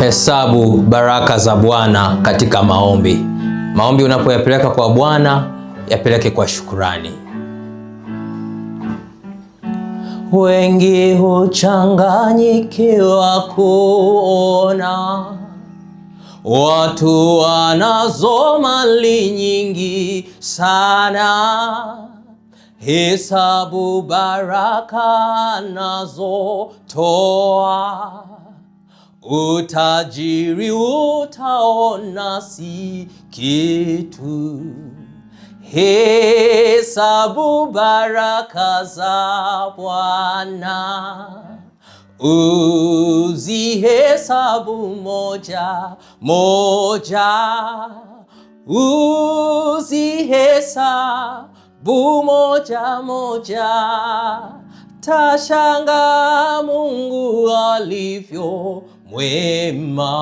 Hesabu baraka za Bwana katika maombi. Maombi unapoyapeleka kwa Bwana, yapeleke kwa shukurani. Wengi huchanganyikiwa kuona watu wanazo mali nyingi sana Hesabu baraka nazotoa utajiri utaona si kitu. Hesabu baraka za Bwana, uzihesabu moja moja, uzihesabu bumoja moja, tashanga Mungu alivyo mwema.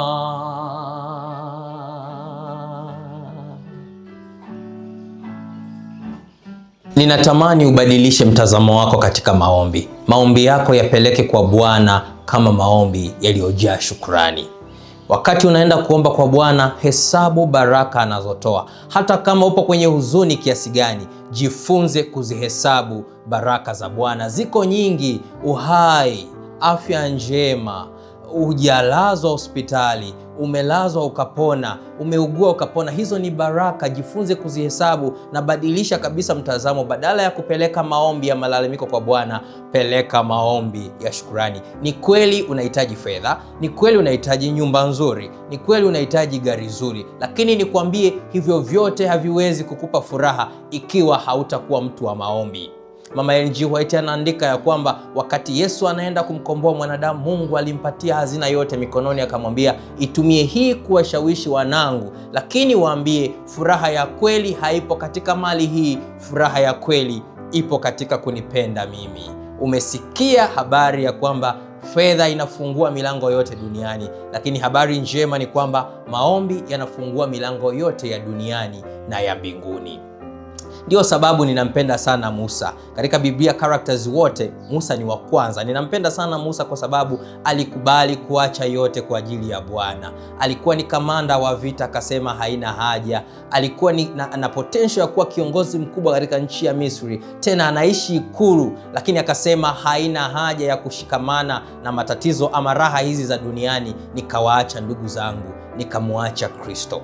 Ninatamani ubadilishe mtazamo wako katika maombi. Maombi yako yapeleke kwa Bwana kama maombi yaliyojaa shukrani. Wakati unaenda kuomba kwa Bwana, hesabu baraka anazotoa. Hata kama upo kwenye huzuni kiasi gani, jifunze kuzihesabu baraka za Bwana. Ziko nyingi: uhai, afya njema hujalazwa hospitali, umelazwa ukapona, umeugua ukapona. Hizo ni baraka, jifunze kuzihesabu na badilisha kabisa mtazamo. Badala ya kupeleka maombi ya malalamiko kwa Bwana, peleka maombi ya shukurani. Ni kweli unahitaji fedha, ni kweli unahitaji nyumba nzuri, ni kweli unahitaji gari zuri, lakini nikwambie, hivyo vyote haviwezi kukupa furaha ikiwa hautakuwa mtu wa maombi. Mama NG White anaandika ya kwamba wakati Yesu anaenda kumkomboa mwanadamu, Mungu alimpatia hazina yote mikononi, akamwambia itumie hii kuwashawishi wanangu, lakini waambie furaha ya kweli haipo katika mali hii, furaha ya kweli ipo katika kunipenda mimi. Umesikia habari ya kwamba fedha inafungua milango yote duniani, lakini habari njema ni kwamba maombi yanafungua milango yote ya duniani na ya mbinguni. Ndio sababu ninampenda sana Musa. Katika Biblia characters wote, Musa ni wa kwanza. Ninampenda sana Musa kwa sababu alikubali kuacha yote kwa ajili ya Bwana. Alikuwa ni kamanda wa vita, akasema haina haja. Alikuwa ni na, na potential ya kuwa kiongozi mkubwa katika nchi ya Misri, tena anaishi ikulu, lakini akasema haina haja ya kushikamana na matatizo ama raha hizi za duniani, nikawaacha ndugu zangu, nikamwacha Kristo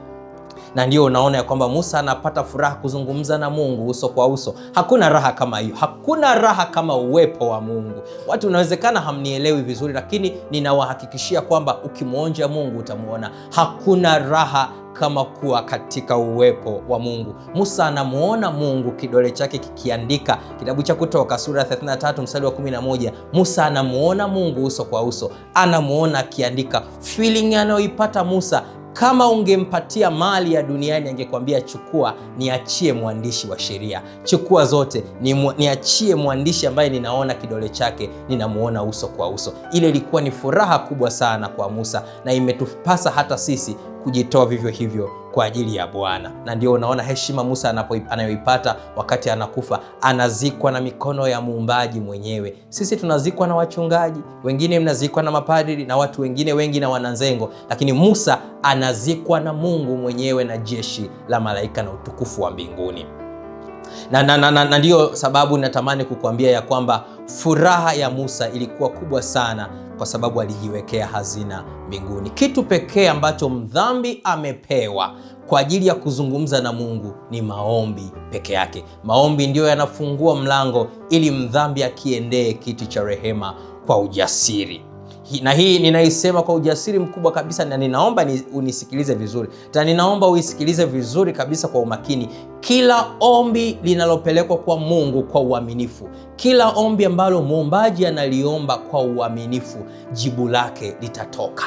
na ndio unaona ya kwamba Musa anapata furaha kuzungumza na Mungu uso kwa uso. Hakuna raha kama hiyo, hakuna raha kama uwepo wa Mungu. Watu unawezekana hamnielewi vizuri, lakini ninawahakikishia kwamba ukimwonja Mungu utamwona. Hakuna raha kama kuwa katika uwepo wa Mungu. Musa anamwona Mungu kidole chake kikiandika. Kitabu cha Kutoka sura 33 mstari wa 11, Musa anamwona Mungu uso kwa uso, anamwona akiandika. Feeling anayoipata Musa kama ungempatia mali ya duniani angekwambia chukua, niachie mwandishi wa sheria, chukua zote ni mu, niachie mwandishi ambaye ninaona kidole chake, ninamuona uso kwa uso. Ile ilikuwa ni furaha kubwa sana kwa Musa, na imetupasa hata sisi kujitoa vivyo hivyo kwa ajili ya Bwana, na ndio unaona heshima Musa anayoipata wakati anakufa, anazikwa na mikono ya muumbaji mwenyewe. Sisi tunazikwa na wachungaji wengine, mnazikwa na mapadri na watu wengine wengi na wananzengo, lakini Musa anazikwa na Mungu mwenyewe na jeshi la malaika na utukufu wa mbinguni na, na, na, na, na ndiyo sababu natamani kukuambia ya kwamba furaha ya Musa ilikuwa kubwa sana kwa sababu alijiwekea hazina mbinguni. Kitu pekee ambacho mdhambi amepewa kwa ajili ya kuzungumza na Mungu ni maombi peke yake. Maombi ndiyo yanafungua mlango ili mdhambi akiendee kiti cha rehema kwa ujasiri na hii ninaisema kwa ujasiri mkubwa kabisa, na ninaomba ni unisikilize vizuri tena, ninaomba uisikilize vizuri kabisa kwa umakini. Kila ombi linalopelekwa kwa Mungu kwa uaminifu, kila ombi ambalo muombaji analiomba kwa uaminifu, jibu lake litatoka.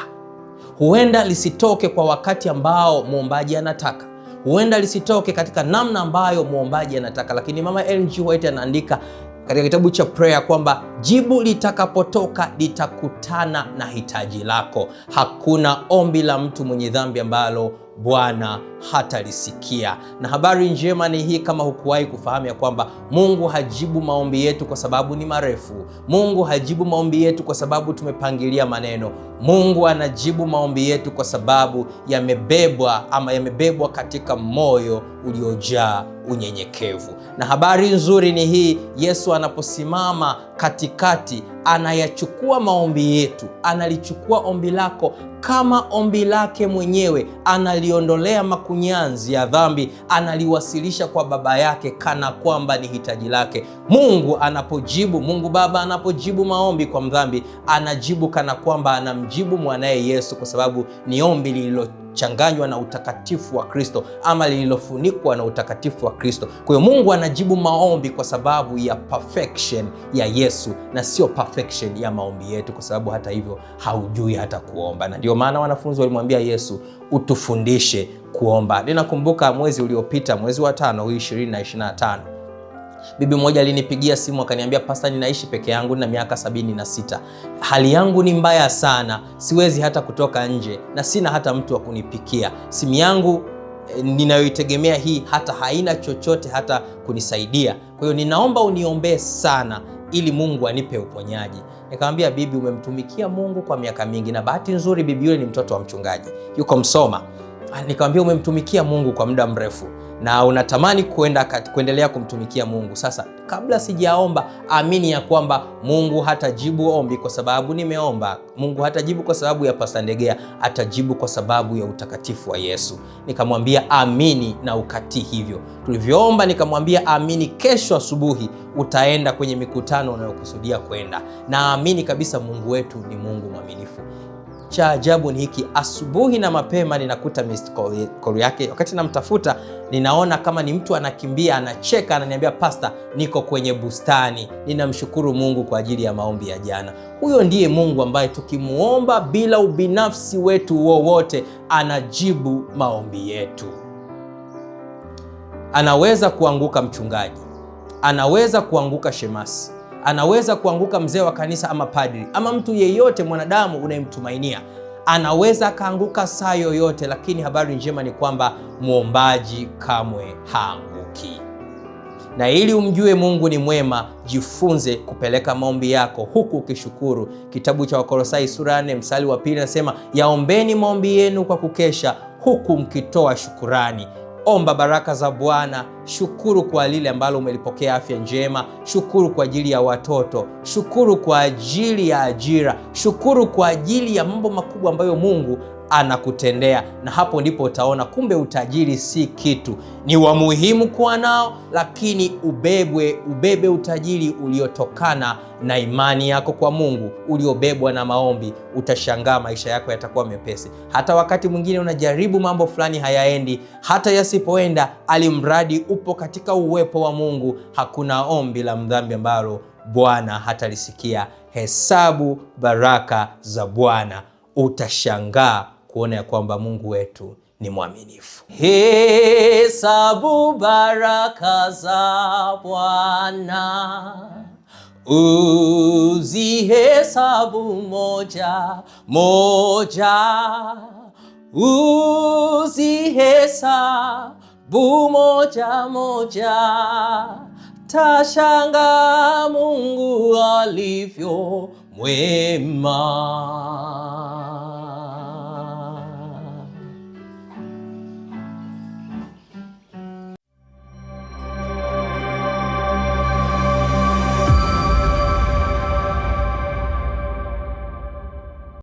Huenda lisitoke kwa wakati ambao muombaji anataka, huenda lisitoke katika namna ambayo muombaji anataka, lakini Mama Ellen G White anaandika katika kitabu cha prayer kwamba Jibu litakapotoka litakutana na hitaji lako. Hakuna ombi la mtu mwenye dhambi ambalo Bwana hatalisikia. Na habari njema ni hii, kama hukuwahi kufahamu ya kwamba Mungu hajibu maombi yetu kwa sababu ni marefu. Mungu hajibu maombi yetu kwa sababu tumepangilia maneno. Mungu anajibu maombi yetu kwa sababu yamebebwa ama yamebebwa katika moyo uliojaa unyenyekevu. Na habari nzuri ni hii, Yesu anaposimama katikati anayachukua maombi yetu, analichukua ombi lako kama ombi lake mwenyewe, analiondolea makunyanzi ya dhambi, analiwasilisha kwa Baba yake kana kwamba ni hitaji lake. Mungu anapojibu, Mungu Baba anapojibu maombi kwa mdhambi, anajibu kana kwamba anamjibu mwanaye Yesu, kwa sababu ni ombi lililo lililochanganywa na utakatifu wa Kristo ama lililofunikwa na utakatifu wa Kristo. Kwa hiyo Mungu anajibu maombi kwa sababu ya perfection ya Yesu na sio perfection ya maombi yetu, kwa sababu hata hivyo haujui hata kuomba, na ndio maana wanafunzi walimwambia Yesu, utufundishe kuomba. Ninakumbuka mwezi uliopita, mwezi wa tano huu tano Bibi mmoja alinipigia simu akaniambia, pasta, ninaishi peke yangu na miaka sabini na sita, hali yangu ni mbaya sana, siwezi hata kutoka nje na sina hata mtu wa kunipikia. Simu yangu eh, ninayoitegemea hii hata haina chochote hata kunisaidia. Kwa hiyo ninaomba uniombee sana ili Mungu anipe uponyaji. Nikamwambia, bibi, umemtumikia Mungu kwa miaka mingi, na bahati nzuri bibi yule ni mtoto wa mchungaji, yuko Msoma. Ah, nikamwambia umemtumikia Mungu kwa muda mrefu na unatamani kuenda kuendelea kumtumikia Mungu. Sasa kabla sijaomba, amini ya kwamba Mungu hatajibu ombi kwa sababu nimeomba. Mungu hatajibu kwa sababu ya Pasta Ndegea, atajibu kwa sababu ya utakatifu wa Yesu. Nikamwambia amini na ukatii hivyo. Tulivyoomba nikamwambia amini, kesho asubuhi utaenda kwenye mikutano unayokusudia kwenda, na amini kabisa Mungu wetu ni Mungu mwaminifu cha ajabu ni hiki, asubuhi na mapema ninakuta missed call yake. Wakati namtafuta, ninaona kama ni mtu anakimbia, anacheka, ananiambia pasta, niko kwenye bustani. Ninamshukuru Mungu kwa ajili ya maombi ya jana. Huyo ndiye Mungu ambaye tukimuomba bila ubinafsi wetu wowote, anajibu maombi yetu. Anaweza kuanguka mchungaji, anaweza kuanguka shemasi anaweza kuanguka mzee wa kanisa ama padri ama mtu yeyote mwanadamu unayemtumainia anaweza akaanguka saa yoyote, lakini habari njema ni kwamba mwombaji kamwe haanguki. Na ili umjue Mungu ni mwema, jifunze kupeleka maombi yako huku ukishukuru. Kitabu cha Wakolosai sura ya 4 mstari wa pili nasema, yaombeni maombi yenu kwa kukesha huku mkitoa shukurani omba baraka za Bwana. Shukuru kwa lile ambalo umelipokea, afya njema. Shukuru kwa ajili ya watoto, shukuru kwa ajili ya ajira, shukuru kwa ajili ya mambo makubwa ambayo Mungu anakutendea, na hapo ndipo utaona kumbe utajiri si kitu, ni wa muhimu kuwa nao, lakini ubebwe, ubebe utajiri uliotokana na imani yako kwa Mungu, uliobebwa na maombi. Utashangaa maisha yako yatakuwa mepesi. Hata wakati mwingine unajaribu mambo fulani hayaendi, hata yasipoenda, alimradi upo katika uwepo wa Mungu, hakuna ombi la mdhambi ambalo Bwana hatalisikia. Hesabu baraka za Bwana, utashangaa kuona ya kwamba Mungu wetu ni mwaminifu. Hesabu baraka za Bwana, uzihesabu moja moja, uzihesabu moja moja, tashanga Mungu alivyo mwema.